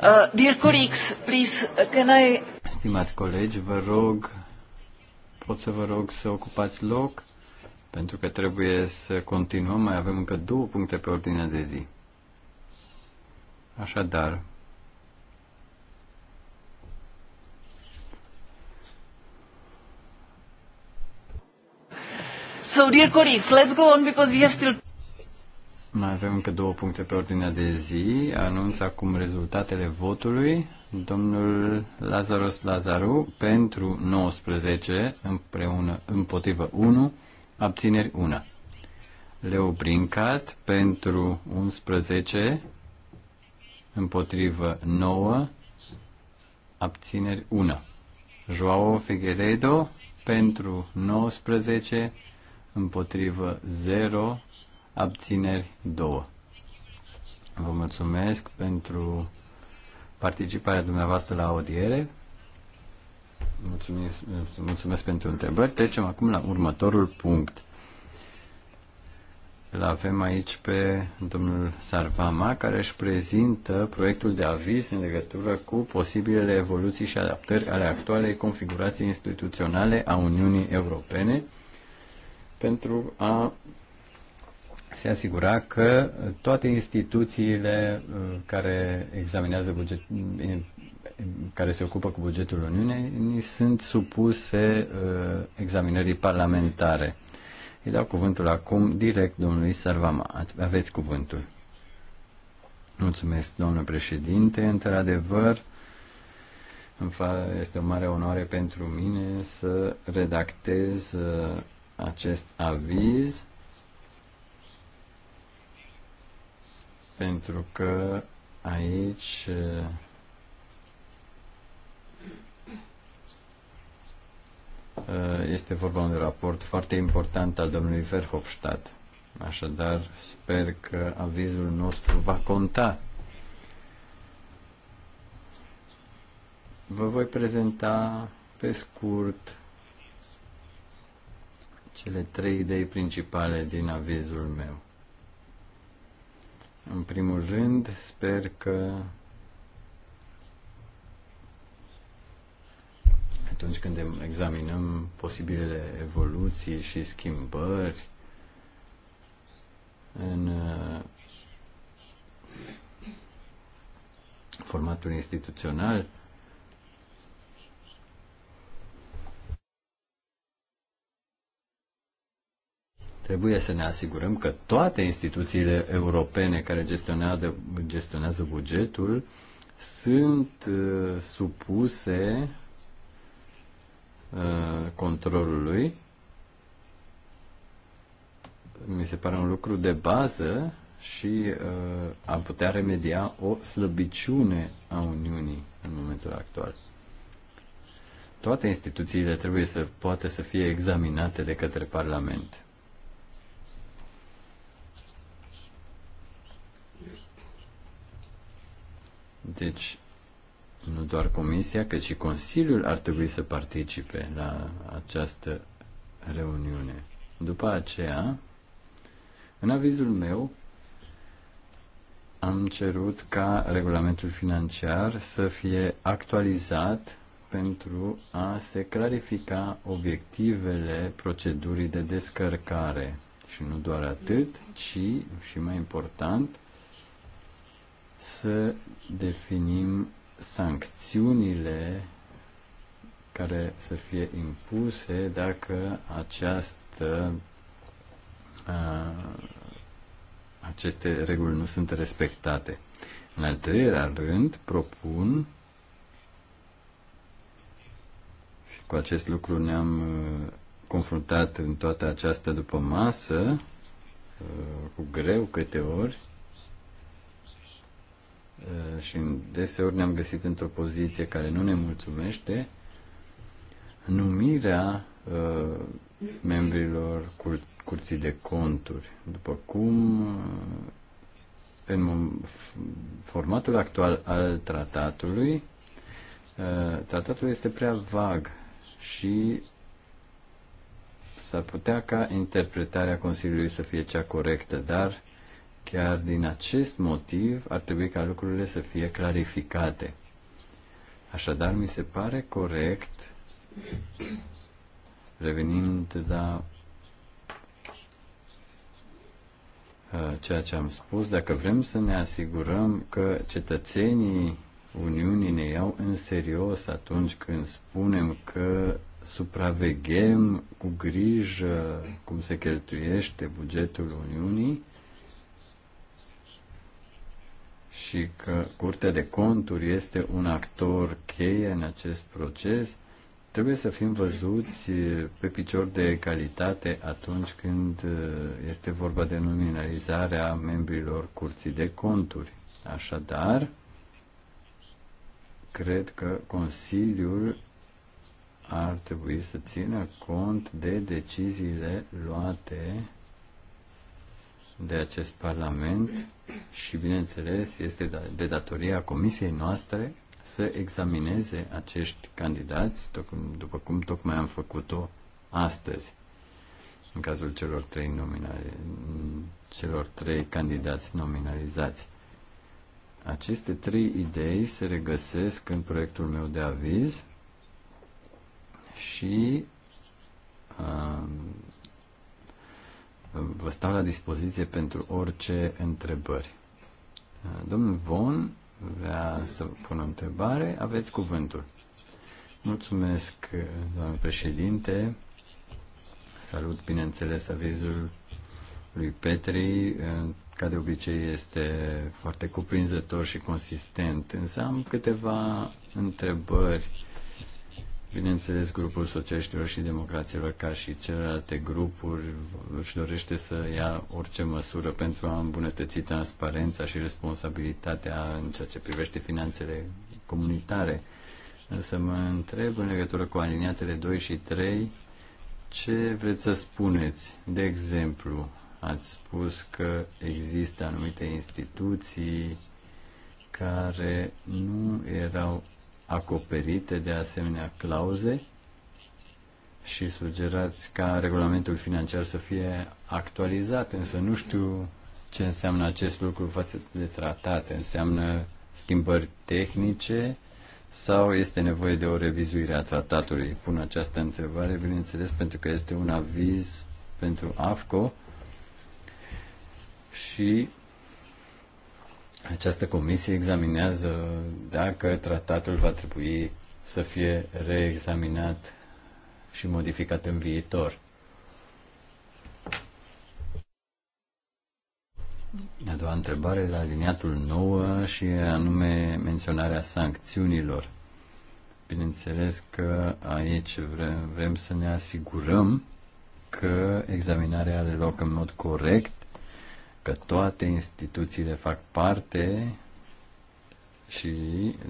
Uh, dear colleagues, please, uh, can I... Stimați colegi, vă rog, pot să vă rog să ocupați loc, pentru că trebuie să continuăm, mai avem încă două puncte pe ordinea de zi. Așadar, So, dear colleagues, let's go on because we have still mai avem încă două puncte pe ordinea de zi. Anunț acum rezultatele votului. Domnul Lazaros Lazaru pentru 19 împreună împotrivă 1, abțineri 1. Leo Brincat pentru 11 împotrivă 9, abțineri 1. Joao Figueredo pentru 19 împotrivă 0, abțineri 2. Vă mulțumesc pentru participarea dumneavoastră la audiere. Mulțumesc, mulțumesc pentru întrebări. Trecem acum la următorul punct. Îl avem aici pe domnul Sarvama, care își prezintă proiectul de aviz în legătură cu posibilele evoluții și adaptări ale actualei configurații instituționale a Uniunii Europene pentru a se asigura că toate instituțiile uh, care examinează buget, uh, care se ocupă cu bugetul Uniunii sunt supuse uh, examinării parlamentare. Îi dau cuvântul acum direct domnului Sarvama. Aveți cuvântul. Mulțumesc, domnule președinte. Într-adevăr, este o mare onoare pentru mine să redactez acest aviz pentru că aici uh, este vorba un raport foarte important al domnului Verhofstadt. Așadar, sper că avizul nostru va conta. Vă voi prezenta pe scurt cele trei idei principale din avizul meu. În primul rând, sper că atunci când examinăm posibilele evoluții și schimbări în uh, formatul instituțional, Trebuie să ne asigurăm că toate instituțiile europene care gestionează, gestionează bugetul sunt uh, supuse uh, controlului. Mi se pare un lucru de bază și uh, a putea remedia o slăbiciune a Uniunii în momentul actual. Toate instituțiile trebuie să poată să fie examinate de către Parlament. Deci, nu doar Comisia, cât și Consiliul ar trebui să participe la această reuniune. După aceea, în avizul meu, am cerut ca regulamentul financiar să fie actualizat pentru a se clarifica obiectivele procedurii de descărcare. Și nu doar atât, ci, și mai important, să definim sancțiunile care să fie impuse dacă această, a, aceste reguli nu sunt respectate. În al treilea rând, propun și cu acest lucru ne-am confruntat în toată această după masă, cu greu câte ori, Uh, și deseori ne-am găsit într-o poziție care nu ne mulțumește, numirea uh, membrilor cur- curții de conturi. După cum uh, în formatul actual al tratatului, tratatul este prea vag și s-ar putea ca interpretarea Consiliului să fie cea corectă, dar Chiar din acest motiv ar trebui ca lucrurile să fie clarificate. Așadar, mi se pare corect, revenind la uh, ceea ce am spus, dacă vrem să ne asigurăm că cetățenii Uniunii ne iau în serios atunci când spunem că supraveghem cu grijă cum se cheltuiește bugetul Uniunii, și că Curtea de Conturi este un actor cheie în acest proces, trebuie să fim văzuți pe picior de calitate atunci când este vorba de nominalizarea membrilor Curții de Conturi. Așadar, cred că Consiliul ar trebui să țină cont de deciziile luate de acest Parlament și, bineînțeles, este da, de datoria Comisiei noastre să examineze acești candidați, după cum tocmai am făcut-o astăzi, în cazul celor trei, nominali, celor trei candidați nominalizați. Aceste trei idei se regăsesc în proiectul meu de aviz și uh, Vă stau la dispoziție pentru orice întrebări. Domnul Von vrea să pună o întrebare. Aveți cuvântul. Mulțumesc, doamne președinte. Salut, bineînțeles, avizul lui Petri. Ca de obicei este foarte cuprinzător și consistent, însă am câteva întrebări Bineînțeles, grupul socialiștilor și democraților, ca și celelalte grupuri, își dorește să ia orice măsură pentru a îmbunătăți transparența și responsabilitatea în ceea ce privește finanțele comunitare. Însă mă întreb în legătură cu aliniatele 2 și 3, ce vreți să spuneți? De exemplu, ați spus că există anumite instituții care nu erau acoperite de asemenea clauze și sugerați ca regulamentul financiar să fie actualizat, însă nu știu ce înseamnă acest lucru față de tratate. Înseamnă schimbări tehnice sau este nevoie de o revizuire a tratatului? Pun această întrebare, bineînțeles, pentru că este un aviz pentru AFCO și această comisie examinează dacă tratatul va trebui să fie reexaminat și modificat în viitor. A doua întrebare la liniatul 9 și anume menționarea sancțiunilor. Bineînțeles că aici vrem, vrem să ne asigurăm că examinarea are loc în mod corect că toate instituțiile fac parte și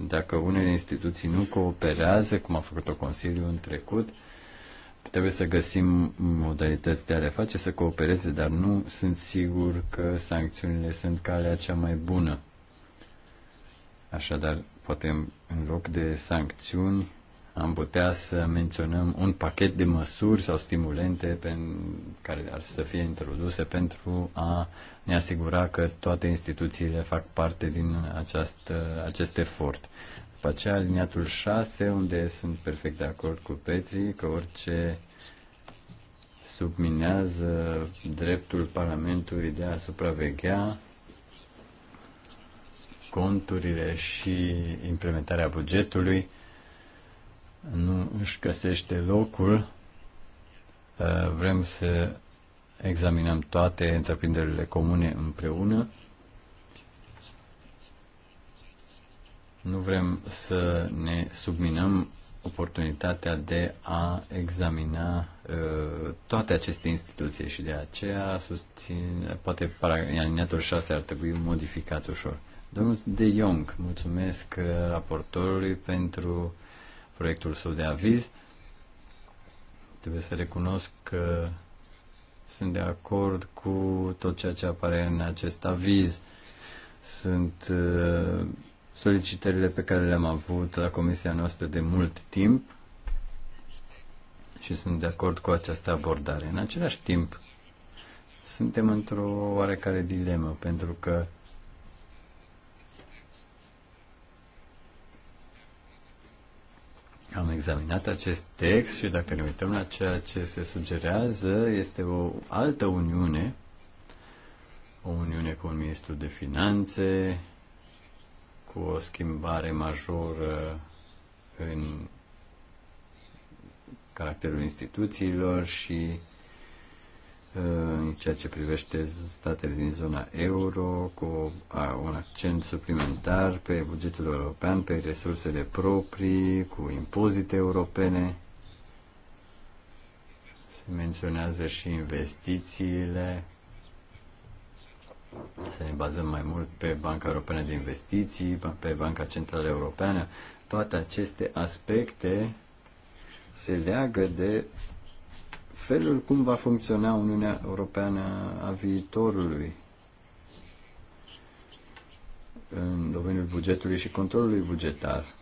dacă unele instituții nu cooperează, cum a făcut-o Consiliul în trecut, trebuie să găsim modalități de a le face să coopereze, dar nu sunt sigur că sancțiunile sunt calea cea mai bună. Așadar, poate în loc de sancțiuni am putea să menționăm un pachet de măsuri sau stimulente pe, care ar să fie introduse pentru a ne asigura că toate instituțiile fac parte din aceast, acest efort. După aceea, aliniatul 6, unde sunt perfect de acord cu Petri că orice subminează dreptul Parlamentului de a supraveghea conturile și implementarea bugetului nu își găsește locul, uh, vrem să examinăm toate întreprinderile comune împreună. Nu vrem să ne subminăm oportunitatea de a examina uh, toate aceste instituții și de aceea susțin, poate alineatul 6 ar trebui modificat ușor. Domnul De Jong, mulțumesc uh, raportorului pentru uh, proiectul său de aviz. Trebuie să recunosc că sunt de acord cu tot ceea ce apare în acest aviz. Sunt uh, solicitările pe care le-am avut la comisia noastră de mult timp și sunt de acord cu această abordare. În același timp, suntem într-o oarecare dilemă, pentru că Am examinat acest text și dacă ne uităm la ceea ce se sugerează, este o altă uniune, o uniune cu un ministru de finanțe, cu o schimbare majoră în caracterul instituțiilor și în ceea ce privește statele din zona euro, cu un accent suplimentar pe bugetul european, pe resursele proprii, cu impozite europene. Se menționează și investițiile. Să ne bazăm mai mult pe Banca Europeană de Investiții, pe Banca Centrală Europeană. Toate aceste aspecte se leagă de felul cum va funcționa Uniunea Europeană a viitorului în domeniul bugetului și controlului bugetar.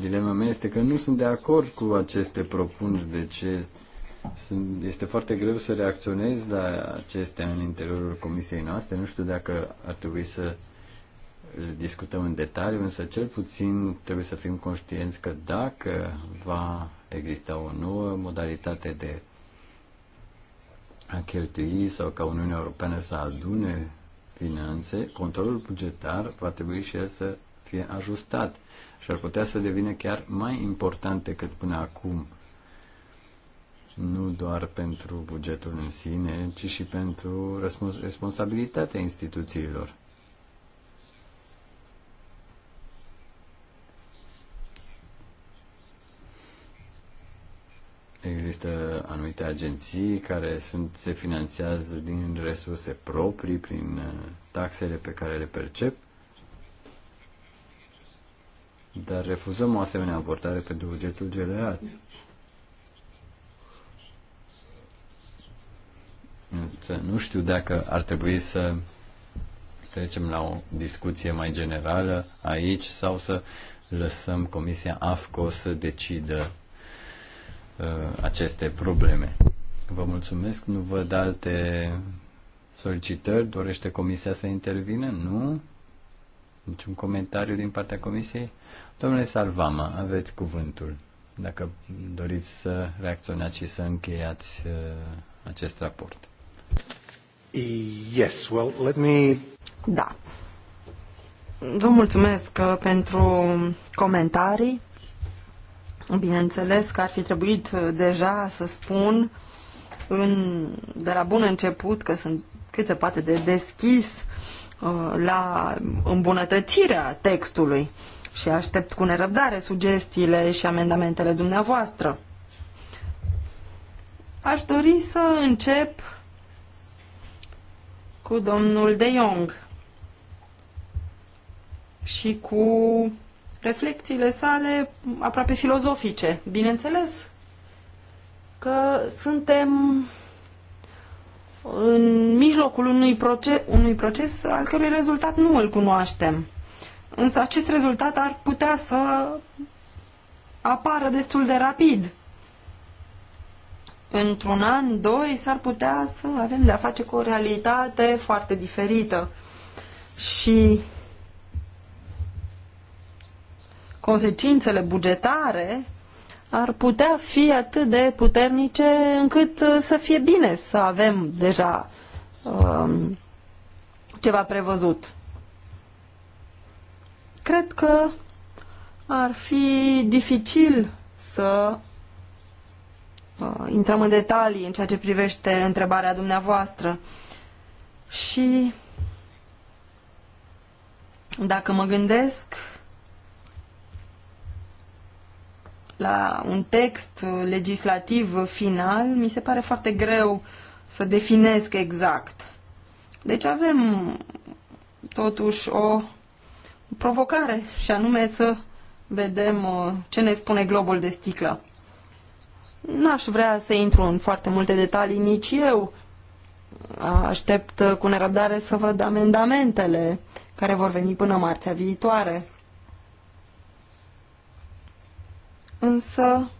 Dilema mea este că nu sunt de acord cu aceste propuneri, de ce sunt, este foarte greu să reacționez la acestea în interiorul comisiei noastre. Nu știu dacă ar trebui să le discutăm în detaliu, însă cel puțin trebuie să fim conștienți că dacă va exista o nouă modalitate de a cheltui sau ca Uniunea Europeană să adune finanțe, controlul bugetar va trebui și el să fie ajustat și ar putea să devină chiar mai important decât până acum. Nu doar pentru bugetul în sine, ci și pentru responsabilitatea instituțiilor. Există anumite agenții care sunt, se finanțează din resurse proprii, prin uh, taxele pe care le percep, dar refuzăm o asemenea abordare pentru bugetul general. Nu știu dacă ar trebui să trecem la o discuție mai generală aici sau să lăsăm Comisia AFCO să decidă Uh, aceste probleme. Vă mulțumesc, nu văd alte solicitări. Dorește comisia să intervină? Nu? Niciun comentariu din partea comisiei? Domnule Salvama, aveți cuvântul. Dacă doriți să reacționați și să încheiați uh, acest raport. Yes, well, let me... Da. Vă mulțumesc uh, pentru comentarii. Bineînțeles că ar fi trebuit uh, deja să spun în, de la bun început că sunt cât se poate de deschis uh, la îmbunătățirea textului și aștept cu nerăbdare sugestiile și amendamentele dumneavoastră. Aș dori să încep cu domnul De Jong și cu reflexiile sale aproape filozofice. Bineînțeles că suntem în mijlocul unui proces, unui proces al cărui rezultat nu îl cunoaștem. Însă acest rezultat ar putea să apară destul de rapid. Într-un an, doi, s-ar putea să avem de-a face cu o realitate foarte diferită. Și consecințele bugetare ar putea fi atât de puternice încât uh, să fie bine să avem deja um, ceva prevăzut. Cred că ar fi dificil să uh, intrăm în detalii în ceea ce privește întrebarea dumneavoastră. Și dacă mă gândesc la un text legislativ final, mi se pare foarte greu să definesc exact. Deci avem totuși o provocare și anume să vedem uh, ce ne spune globul de sticlă. N-aș vrea să intru în foarte multe detalii nici eu. Aștept uh, cu nerăbdare să văd amendamentele care vor veni până marțea viitoare. însă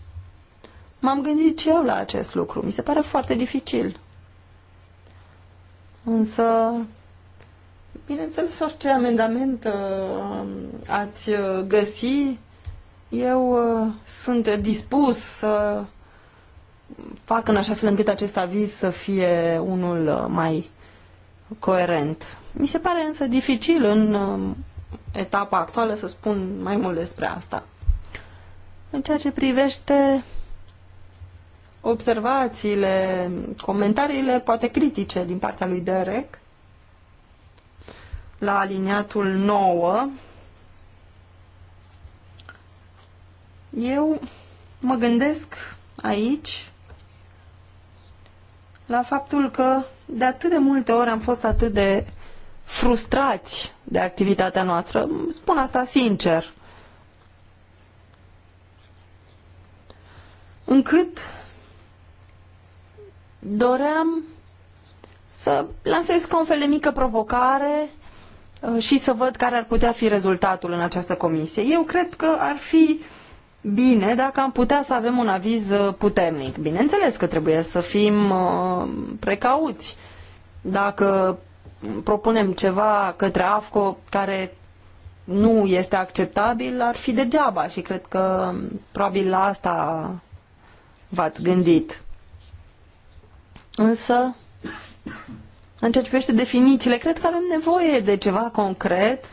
m-am gândit și eu la acest lucru. Mi se pare foarte dificil. Însă, bineînțeles, orice amendament uh, ați uh, găsi, eu uh, sunt dispus să fac în așa fel încât acest aviz să fie unul uh, mai coerent. Mi se pare însă dificil în uh, etapa actuală să spun mai mult despre asta. În ceea ce privește observațiile, comentariile, poate critice din partea lui Derek, la aliniatul 9, eu mă gândesc aici la faptul că de atât de multe ori am fost atât de frustrați de activitatea noastră. Spun asta sincer. încât doream să lansez ca un fel de mică provocare uh, și să văd care ar putea fi rezultatul în această comisie. Eu cred că ar fi bine dacă am putea să avem un aviz uh, puternic. Bineînțeles că trebuie să fim uh, precauți. Dacă propunem ceva către AFCO care nu este acceptabil, ar fi degeaba și cred că um, probabil la asta v-ați gândit. Însă, în ceea ce privește definițiile, cred că avem nevoie de ceva concret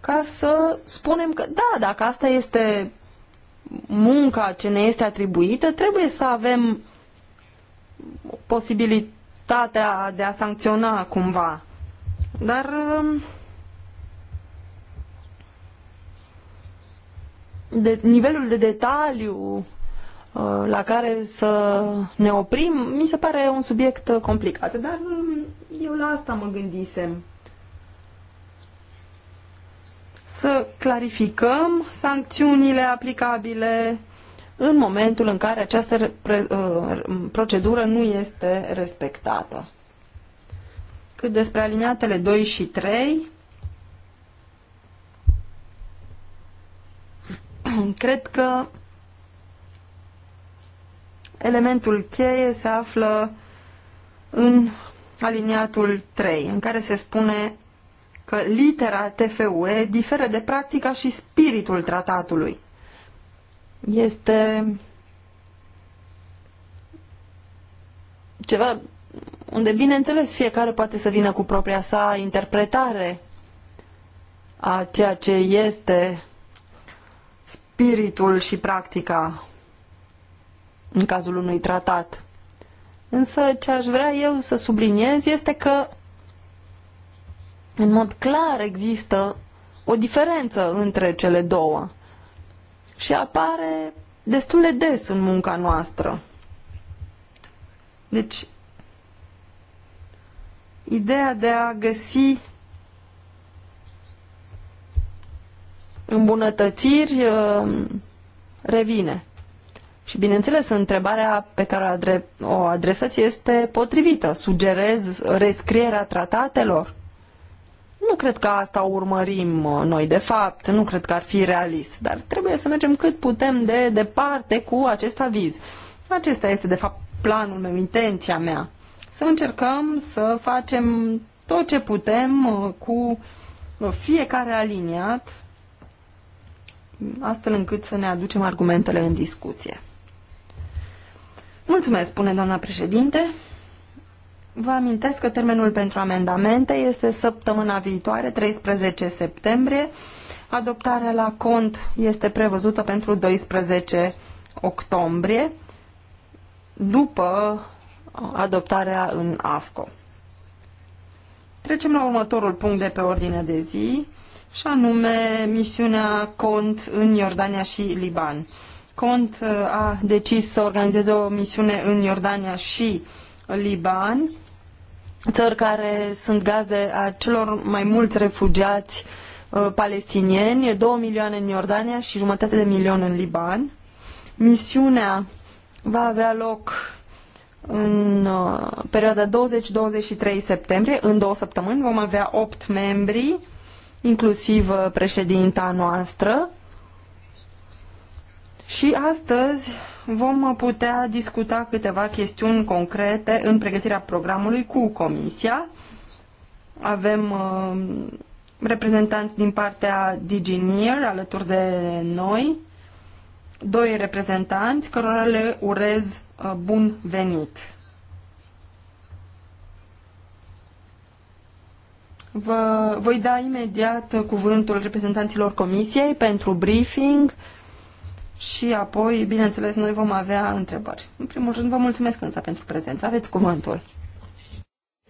ca să spunem că, da, dacă asta este munca ce ne este atribuită, trebuie să avem posibilitatea de a sancționa cumva. Dar um, de, nivelul de detaliu uh, la care să ne oprim, mi se pare un subiect uh, complicat, dar um, eu la asta mă gândisem. Să clarificăm sancțiunile aplicabile în momentul în care această uh, procedură nu este respectată. Cât despre alineatele 2 și 3, Cred că elementul cheie se află în aliniatul 3, în care se spune că litera TFUE diferă de practica și spiritul tratatului. Este ceva unde, bineînțeles, fiecare poate să vină cu propria sa interpretare a ceea ce este spiritul și practica în cazul unui tratat. Însă ce aș vrea eu să subliniez este că în mod clar există o diferență între cele două și apare destul de des în munca noastră. Deci, ideea de a găsi îmbunătățiri uh, revine. Și bineînțeles, întrebarea pe care o adresați este potrivită. Sugerez rescrierea tratatelor? Nu cred că asta urmărim uh, noi de fapt, nu cred că ar fi realist, dar trebuie să mergem cât putem de departe cu acest aviz. Acesta este de fapt planul meu, intenția mea. Să încercăm să facem tot ce putem uh, cu fiecare aliniat astfel încât să ne aducem argumentele în discuție. Mulțumesc, spune doamna președinte. Vă amintesc că termenul pentru amendamente este săptămâna viitoare, 13 septembrie. Adoptarea la cont este prevăzută pentru 12 octombrie, după uh, adoptarea în AFCO. Trecem la următorul punct de pe ordine de zi, și anume misiunea CONT în Iordania și Liban. CONT uh, a decis să organizeze o misiune în Iordania și Liban, țări care sunt gazde a celor mai mulți refugiați uh, palestinieni, 2 milioane în Iordania și jumătate de milion în Liban. Misiunea va avea loc în uh, perioada 20-23 septembrie, în două săptămâni vom avea 8 membri inclusiv uh, președinta noastră. Și astăzi vom putea discuta câteva chestiuni concrete în pregătirea programului cu Comisia. Avem uh, reprezentanți din partea DigiNear alături de noi, doi reprezentanți cărora le urez uh, bun venit. Vă voi da imediat cuvântul reprezentanților comisiei pentru briefing și apoi, bineînțeles, noi vom avea întrebări. În primul rând, vă mulțumesc însă pentru prezență. Aveți cuvântul.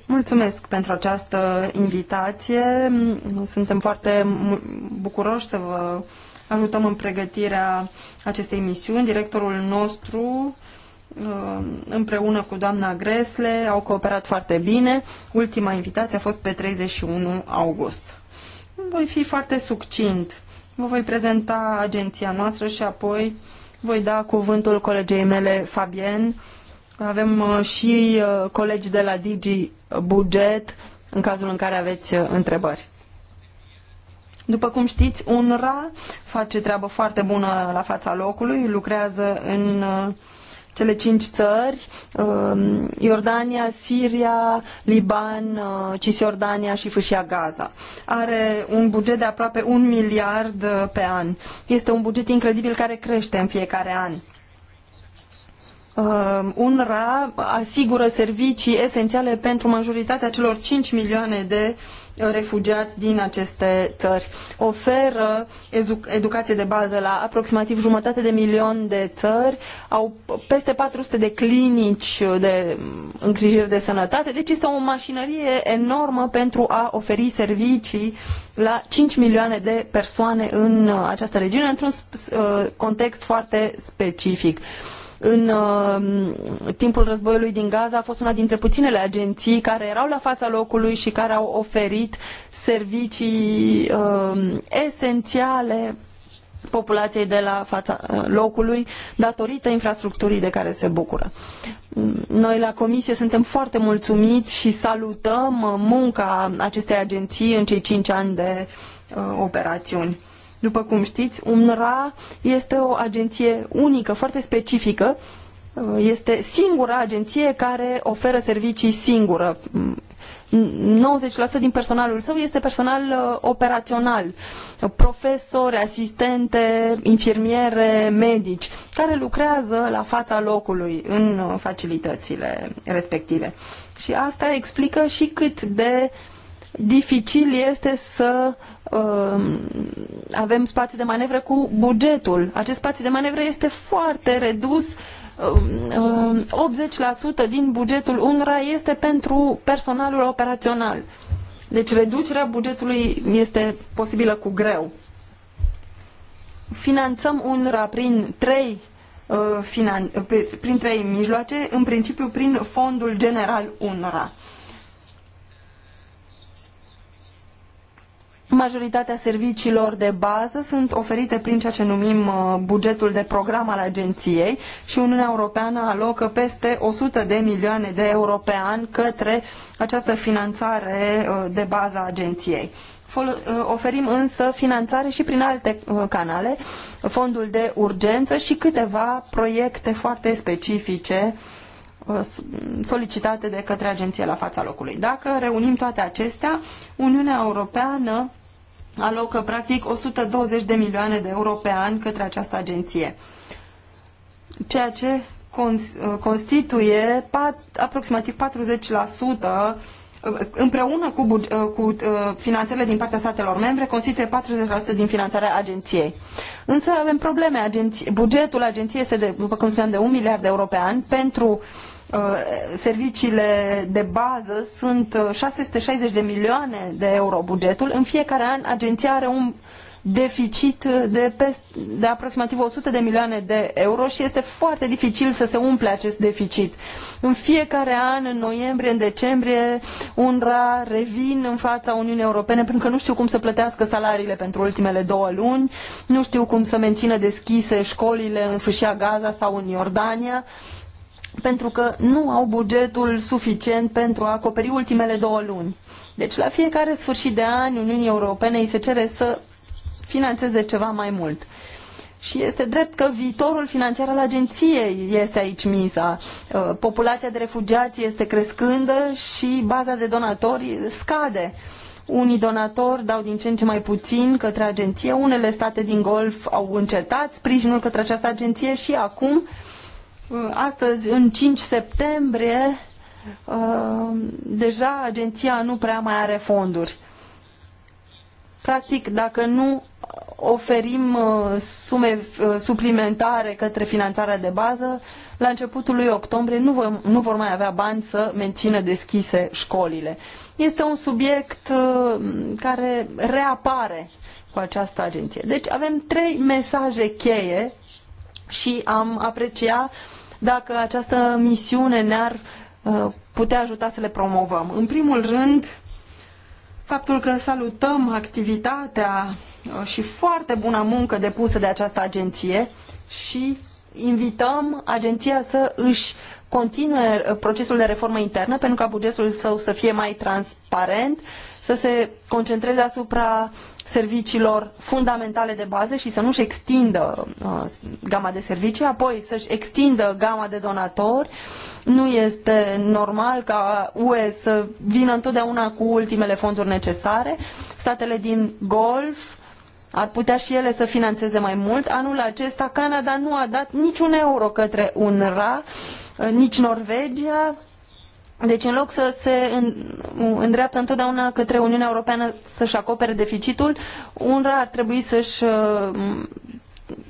Mulțumesc pentru această invitație. Suntem foarte bucuroși să vă ajutăm în pregătirea acestei misiuni. Directorul nostru Uh, împreună cu doamna Gresle, au cooperat foarte bine. Ultima invitație a fost pe 31 august. Voi fi foarte succint. Vă voi prezenta agenția noastră și apoi voi da cuvântul colegei mele, Fabien. Avem uh, și uh, colegi de la Digi Buget, în cazul în care aveți întrebări. După cum știți, Unra face treabă foarte bună la fața locului, lucrează în uh, cele cinci țări, um, Iordania, Siria, Liban, uh, Cisjordania și Fâșia Gaza. Are un buget de aproape un miliard uh, pe an. Este un buget incredibil care crește în fiecare an. Um, UNRWA asigură servicii esențiale pentru majoritatea celor cinci milioane de uh, refugiați din aceste țări. Oferă educație de bază la aproximativ jumătate de milion de țări, au peste 400 de clinici de îngrijire de sănătate, deci este o mașinărie enormă pentru a oferi servicii la 5 milioane de persoane în această regiune, într-un context foarte specific în uh, timpul războiului din Gaza a fost una dintre puținele agenții care erau la fața locului și care au oferit servicii uh, esențiale populației de la fața uh, locului datorită infrastructurii de care se bucură. Mm, noi la comisie suntem foarte mulțumiți și salutăm uh, munca acestei agenții în cei cinci ani de uh, operațiuni. După cum știți, UNRWA este o agenție unică, foarte specifică. Este singura agenție care oferă servicii singură. 90% din personalul său este personal uh, operațional, profesori, asistente, infirmiere, medici, care lucrează la fața locului în uh, facilitățile respective. Și asta explică și cât de dificil este să uh, avem spații de manevră cu bugetul. Acest spațiu de manevră este foarte redus. Uh, uh, 80% din bugetul UNRWA este pentru personalul operațional. Deci reducerea bugetului este posibilă cu greu. Finanțăm UNRWA prin trei uh, prin trei mijloace, în principiu prin fondul general UNRWA. Majoritatea serviciilor de bază sunt oferite prin ceea ce numim uh, bugetul de program al agenției și Uniunea Europeană alocă peste 100 de milioane de euro pe an către această finanțare uh, de bază a agenției. Uh, oferim însă finanțare și prin alte canale, fondul de urgență și câteva proiecte foarte specifice solicitate de către agenție la fața locului. Dacă reunim toate acestea, Uniunea Europeană alocă practic 120 de milioane de euro pe an către această agenție, ceea ce uh, constituie pat, aproximativ 40% uh, împreună cu, uh, cu finanțele din partea statelor membre, constituie 40% din finanțarea agenției. Însă avem probleme. Agenție, bugetul agenției este, de, după cum spuneam, de 1 miliard de euro pe an pentru uh, Uh, serviciile de bază sunt 660 uh, de milioane de euro bugetul. În fiecare an agenția are un deficit uh, de, peste, de aproximativ 100 de milioane de euro și este foarte dificil să se umple acest deficit. În fiecare an, în noiembrie, în decembrie, UNRA revin în fața Uniunii Europene pentru că nu știu cum să plătească salariile pentru ultimele două luni, nu știu cum să mențină deschise școlile în Fâșia Gaza sau în Iordania pentru că nu au bugetul suficient pentru a acoperi ultimele două luni. Deci la fiecare sfârșit de an Uniunii Europene îi se cere să financeze ceva mai mult. Și este drept că viitorul financiar al agenției este aici miza. Uh, populația de refugiați este crescândă și baza de donatori scade. Unii donatori dau din ce în ce mai puțin către agenție, unele state din Golf au încetat sprijinul către această agenție și acum uh, Uh, astăzi, în 5 septembrie, uh, deja agenția nu prea mai are fonduri. Practic, dacă nu oferim uh, sume suplimentare către finanțarea de bază, la începutul lui octombrie nu vor, nu vor mai avea bani să mențină deschise școlile. Este un subiect care reapare cu această agenție. Deci avem trei mesaje cheie și am aprecia dacă această misiune ne-ar uh, putea ajuta să le promovăm. În primul rând, faptul că salutăm activitatea uh, și foarte bună muncă depusă de această agenție și invităm agenția să își continue uh, procesul de reformă internă pentru ca bugetul său să fie mai transparent, să se concentreze asupra serviciilor fundamentale de bază și să nu-și extindă uh, gama de servicii, apoi să-și extindă gama de donatori. Nu este normal ca UE să vină întotdeauna cu ultimele fonduri necesare. Statele din Golf ar putea și ele să financeze mai mult. Anul acesta Canada nu a dat niciun euro către UNRWA, uh, nici Norvegia, deci, în loc să se îndreaptă întotdeauna către Uniunea Europeană să-și acopere deficitul, UNRWA ar trebui să-și uh,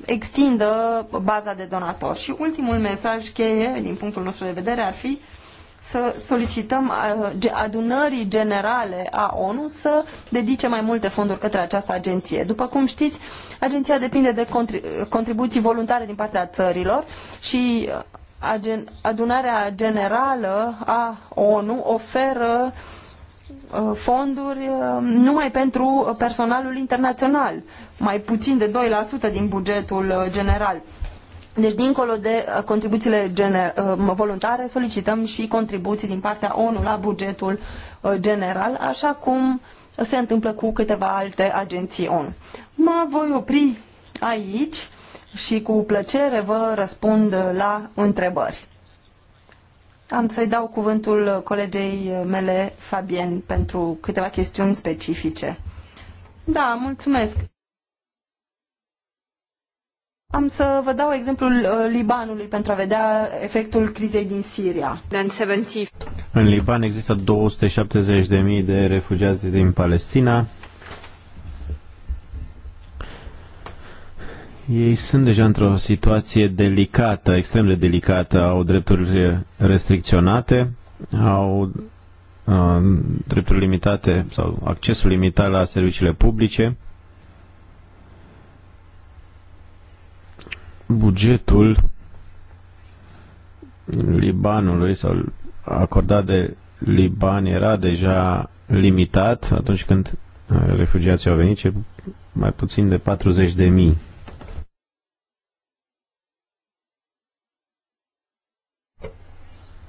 extindă baza de donatori. Și ultimul mesaj cheie, din punctul nostru de vedere, ar fi să solicităm uh, adunării generale a ONU să dedice mai multe fonduri către această agenție. După cum știți, agenția depinde de contribuții voluntare din partea țărilor și uh, adunarea generală a ONU oferă uh, fonduri uh, numai pentru personalul internațional, mai puțin de 2% din bugetul uh, general. Deci, dincolo de contribuțiile voluntare, solicităm și contribuții din partea ONU la bugetul general, așa cum se întâmplă cu câteva alte agenții ONU. Mă voi opri aici și cu plăcere vă răspund la întrebări. Am să-i dau cuvântul colegei mele, Fabien, pentru câteva chestiuni specifice. Da, mulțumesc. Am să vă dau exemplul uh, Libanului pentru a vedea efectul crizei din Siria. În Liban există 270.000 de refugiați din Palestina, Ei sunt deja într-o situație delicată, extrem de delicată, au drepturi eh, restricționate, au uh, drepturi limitate sau accesul limitat la serviciile publice. Bugetul Libanului sau acordat de Liban era deja limitat atunci când eh, refugiații au venit, mai puțin de 40 de mii.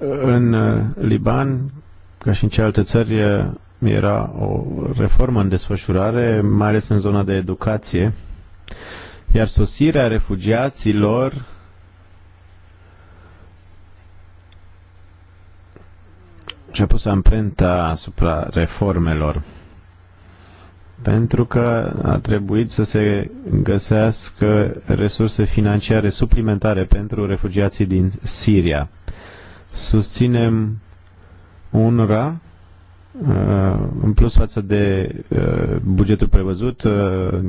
În uh, Liban, ca și în celelalte țări, era o reformă în desfășurare, mai ales în zona de educație, iar sosirea refugiaților și-a pus amprenta asupra reformelor. Pentru că a trebuit să se găsească resurse financiare suplimentare pentru refugiații din Siria susținem UNRWA uh, în plus față de uh, bugetul prevăzut uh,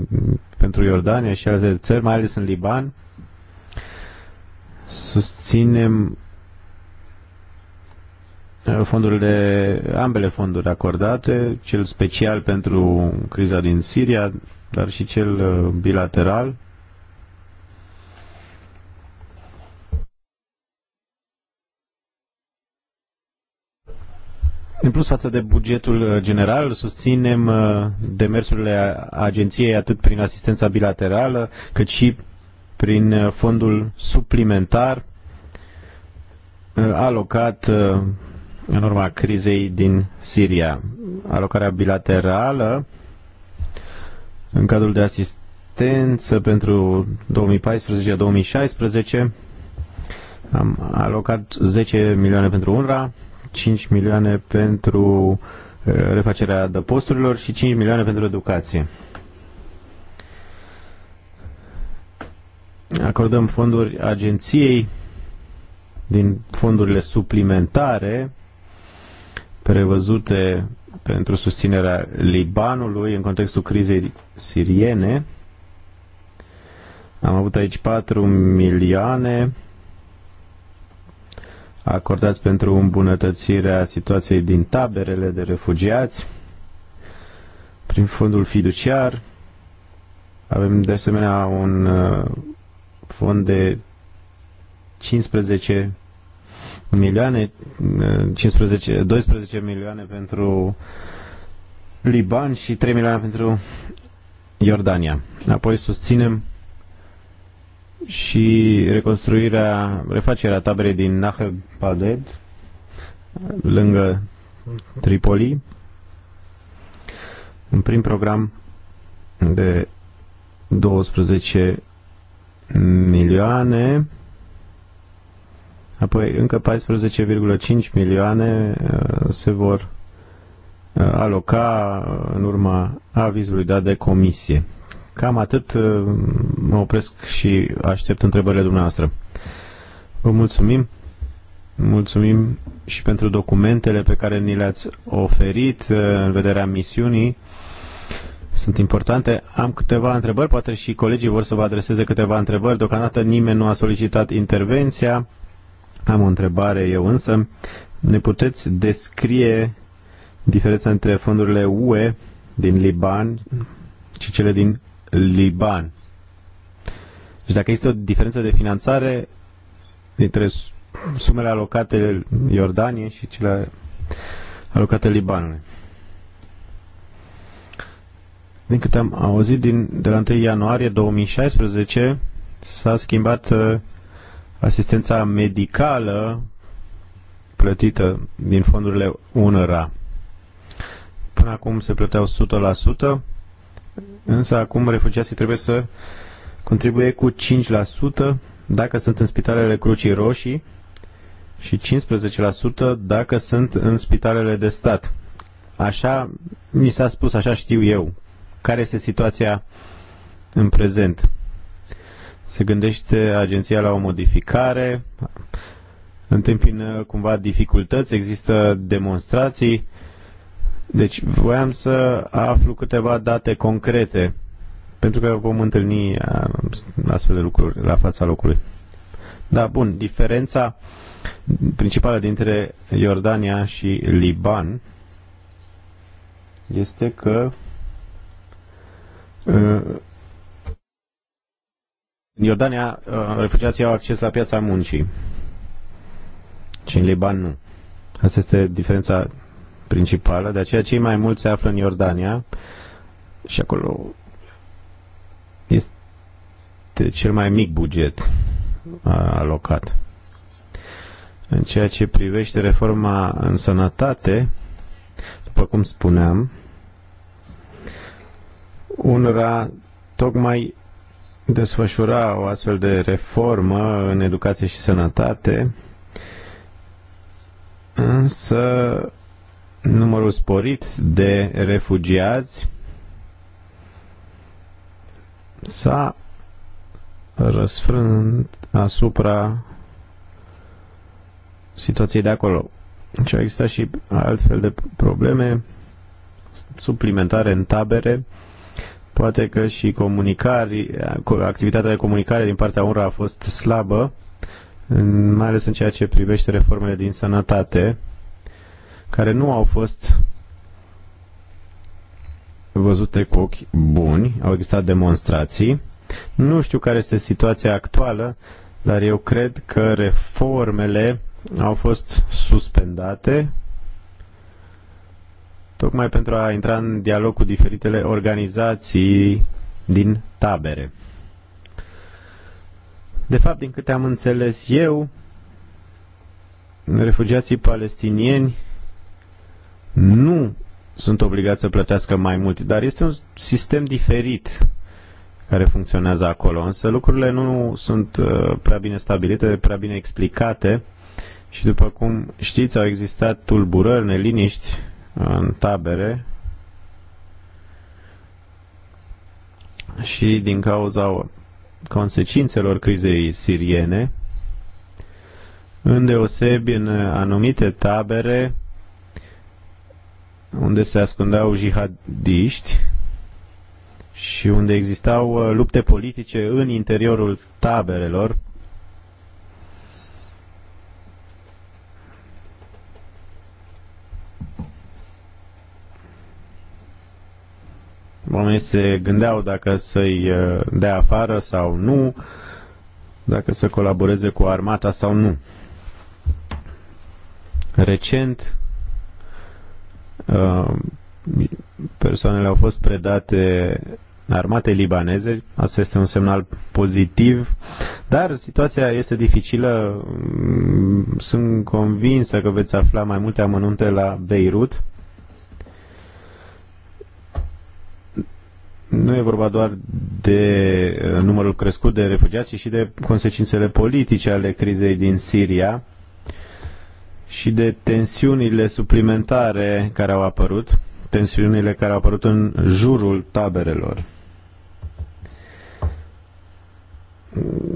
pentru Iordania și alte țări, mai ales în Liban. Susținem fondurile, ambele fonduri acordate, cel special pentru criza din Siria, dar și cel bilateral În plus față de bugetul uh, general, susținem uh, demersurile agenției atât prin asistența bilaterală, cât și prin uh, fondul suplimentar alocat în urma crizei din Siria. Alocarea bilaterală în cadrul de asistență pentru 2014-2016 am alocat 10 milioane pentru UNRWA, 5 milioane pentru uh, refacerea adăposturilor și 5 milioane pentru educație. Acordăm fonduri agenției din fondurile suplimentare prevăzute pentru susținerea Libanului în contextul crizei siriene. Am avut aici 4 milioane acordați pentru îmbunătățirea situației din taberele de refugiați, prin fondul fiduciar. Avem de asemenea un uh, fond de 15 milioane, 15, uh, 12 milioane pentru Liban și 3 milioane pentru Iordania. Apoi susținem și reconstruirea, refacerea taberei din Nahel Paded, lângă Tripoli, un prim program de 12 milioane, apoi încă 14,5 milioane uh, se vor uh, aloca în urma avizului dat de comisie. Cam atât. Uh, mă opresc și aștept întrebările dumneavoastră. Vă mulțumim. Mulțumim și pentru documentele pe care ni le-ați oferit uh, în vederea misiunii. Sunt importante. Am câteva întrebări, poate și colegii vor să vă adreseze câteva întrebări. Deocamdată nimeni nu a solicitat intervenția. Am o întrebare eu însă. Ne puteți descrie diferența între fondurile UE din Liban și cele din Liban. Deci dacă există o diferență de finanțare dintre sumele alocate Iordanie și cele alocate Libanului. Din câte am auzit, din, de la 1 ianuarie 2016 s-a schimbat uh, asistența medicală plătită din fondurile UNRWA. Până acum se plăteau 100%, însă acum refugiații trebuie să contribuie cu 5% dacă sunt în spitalele Crucii Roșii și 15% dacă sunt în spitalele de stat. Așa mi s-a spus, așa știu eu. Care este situația în prezent? Se gândește agenția la o modificare, întâmpină cumva dificultăți, există demonstrații, deci voiam să aflu câteva date concrete, pentru că vom întâlni uh, astfel de lucruri la fața locului. Da, bun, diferența principală dintre Iordania și Liban este că uh, în Iordania uh, refugiații au acces la piața muncii și în Liban nu. Asta este diferența principală, de aceea cei mai mulți se află în Iordania și acolo este cel mai mic buget alocat. În ceea ce privește reforma în sănătate, după cum spuneam, UNRA tocmai desfășura o astfel de reformă în educație și sănătate, însă numărul sporit de refugiați s-a răsfrânt asupra situației de acolo. Și au existat și altfel de probleme suplimentare în tabere. Poate că și comunicari, activitatea de comunicare din partea UNRWA a fost slabă, mai ales în ceea ce privește reformele din sănătate care nu au fost văzute cu ochi buni, au existat demonstrații. Nu știu care este situația actuală, dar eu cred că reformele au fost suspendate tocmai pentru a intra în dialog cu diferitele organizații din tabere. De fapt, din câte am înțeles eu, refugiații palestinieni nu sunt obligați să plătească mai mult, dar este un sistem diferit care funcționează acolo, însă lucrurile nu sunt uh, prea bine stabilite, prea bine explicate și după cum știți au existat tulburări, neliniști uh, în tabere și din cauza consecințelor crizei siriene, îndeosebi în anumite tabere unde se ascundeau jihadiști și unde existau uh, lupte politice în interiorul taberelor. Oamenii se gândeau dacă să-i uh, dea afară sau nu, dacă să colaboreze cu armata sau nu. Recent, Uh, persoanele au fost predate armate libaneze, asta este un semnal pozitiv, dar situația este dificilă. Mm, sunt convinsă că veți afla mai multe amănunte la Beirut. Nu e vorba doar de uh, numărul crescut de refugiați, ci și de consecințele politice ale crizei din Siria și de tensiunile suplimentare care au apărut, tensiunile care au apărut în jurul taberelor.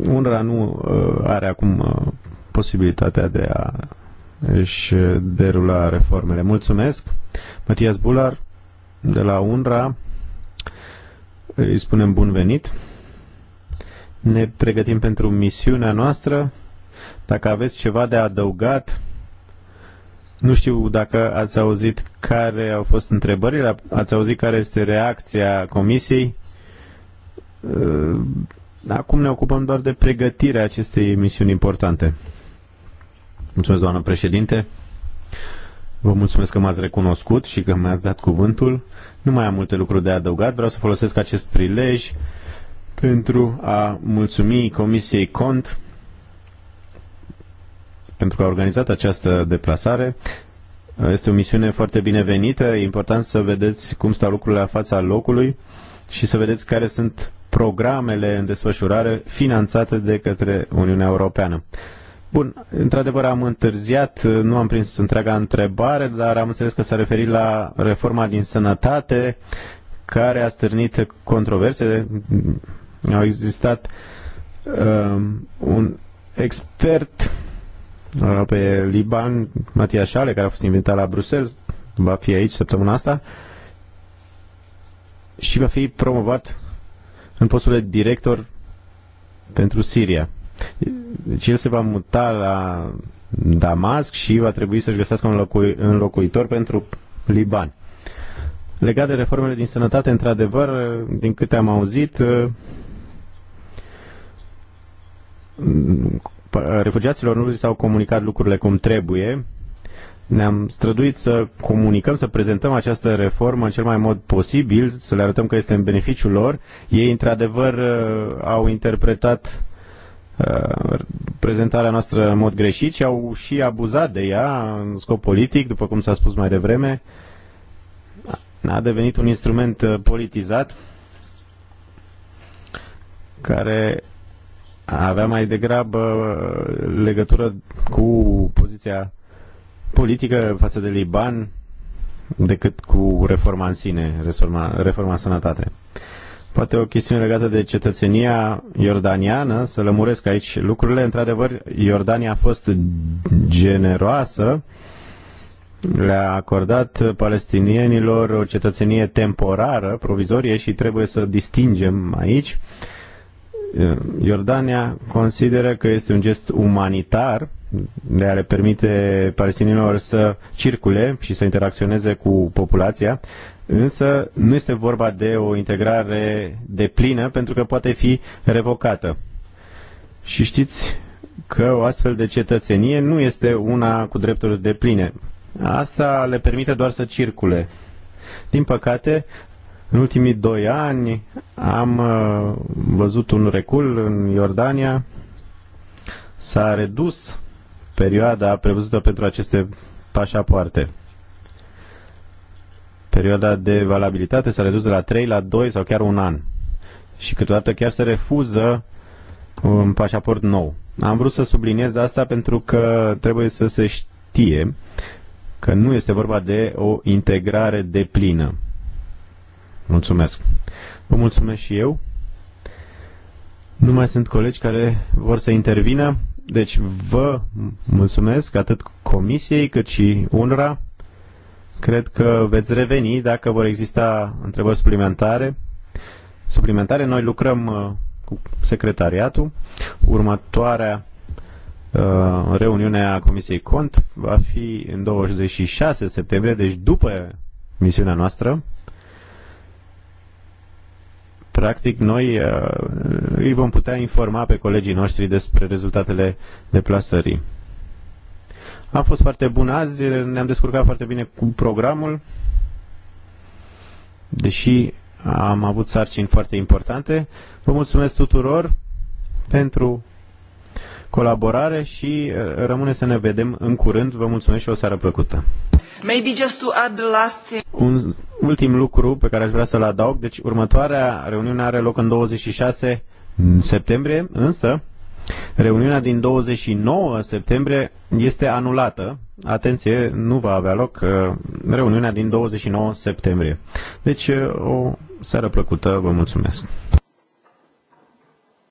Unra nu uh, are acum uh, posibilitatea de a își derula reformele. Mulțumesc! Matias Bular de la Unra, îi spunem bun venit. Ne pregătim pentru misiunea noastră. Dacă aveți ceva de adăugat, nu știu dacă ați auzit care au fost întrebările, ați auzit care este reacția comisiei. Uh, acum ne ocupăm doar de pregătirea acestei misiuni importante. Mulțumesc, doamnă președinte. Vă mulțumesc că m-ați recunoscut și că mi-ați dat cuvântul. Nu mai am multe lucruri de adăugat. Vreau să folosesc acest prilej pentru a mulțumi Comisiei Cont pentru că a organizat această deplasare. Este o misiune foarte binevenită, e important să vedeți cum stau lucrurile la fața locului și să vedeți care sunt programele în desfășurare finanțate de către Uniunea Europeană. Bun, într-adevăr am întârziat, nu am prins întreaga întrebare, dar am înțeles că s-a referit la reforma din sănătate, care a stârnit controverse. Au existat um, un expert pe Liban, Matia Șale, care a fost invitat la Bruxelles, va fi aici săptămâna asta și va fi promovat în postul de director pentru Siria. Deci el se va muta la Damasc și va trebui să-și găsească un locui, înlocuitor pentru Liban. Legat de reformele din sănătate, într-adevăr, din câte am auzit, refugiaților nu s-au comunicat lucrurile cum trebuie. Ne-am străduit să comunicăm, să prezentăm această reformă în cel mai mod posibil, să le arătăm că este în beneficiul lor. Ei, într-adevăr, uh, au interpretat uh, prezentarea noastră în mod greșit și au și abuzat de ea în scop politic, după cum s-a spus mai devreme. A devenit un instrument uh, politizat care avea mai degrabă uh, legătură cu poziția politică față de Liban decât cu reforma în sine, reforma, reforma sănătate. Poate o chestiune legată de cetățenia iordaniană, să lămuresc aici lucrurile. Într-adevăr, Iordania a fost generoasă, le-a acordat palestinienilor o cetățenie temporară, provizorie și trebuie să distingem aici. Uh, Iordania consideră că este un gest umanitar de a le permite palestinilor să circule și să interacționeze cu populația, însă nu este vorba de o integrare de plină pentru că poate fi revocată. Și știți că o astfel de cetățenie nu este una cu drepturi de pline. Asta le permite doar să circule. Din păcate, în ultimii doi ani am uh, văzut un recul în Iordania. S-a redus perioada prevăzută pentru aceste pașapoarte. Perioada de valabilitate s-a redus de la 3 la 2 sau chiar un an. Și câteodată chiar se refuză un pașaport nou. Am vrut să subliniez asta pentru că trebuie să se știe că nu este vorba de o integrare deplină. Mulțumesc. Vă mulțumesc și eu. Nu mai sunt colegi care vor să intervină, deci vă mulțumesc atât comisiei cât și UNRWA. Cred că veți reveni dacă vor exista întrebări suplimentare. Suplimentare, noi lucrăm uh, cu secretariatul. Următoarea uh, reuniune a Comisiei Cont va fi în 26 septembrie, deci după misiunea noastră practic, noi uh, îi vom putea informa pe colegii noștri despre rezultatele deplasării. A fost foarte bun azi, ne-am descurcat foarte bine cu programul, deși am avut sarcini foarte importante. Vă mulțumesc tuturor pentru colaborare și uh, rămâne să ne vedem în curând. Vă mulțumesc și o seară plăcută. Maybe just to add the last thing. Un ultim lucru pe care aș vrea să-l adaug. Deci următoarea reuniune are loc în 26 septembrie, însă reuniunea din 29 septembrie este anulată. Atenție, nu va avea loc uh, reuniunea din 29 septembrie. Deci uh, o seară plăcută, vă mulțumesc.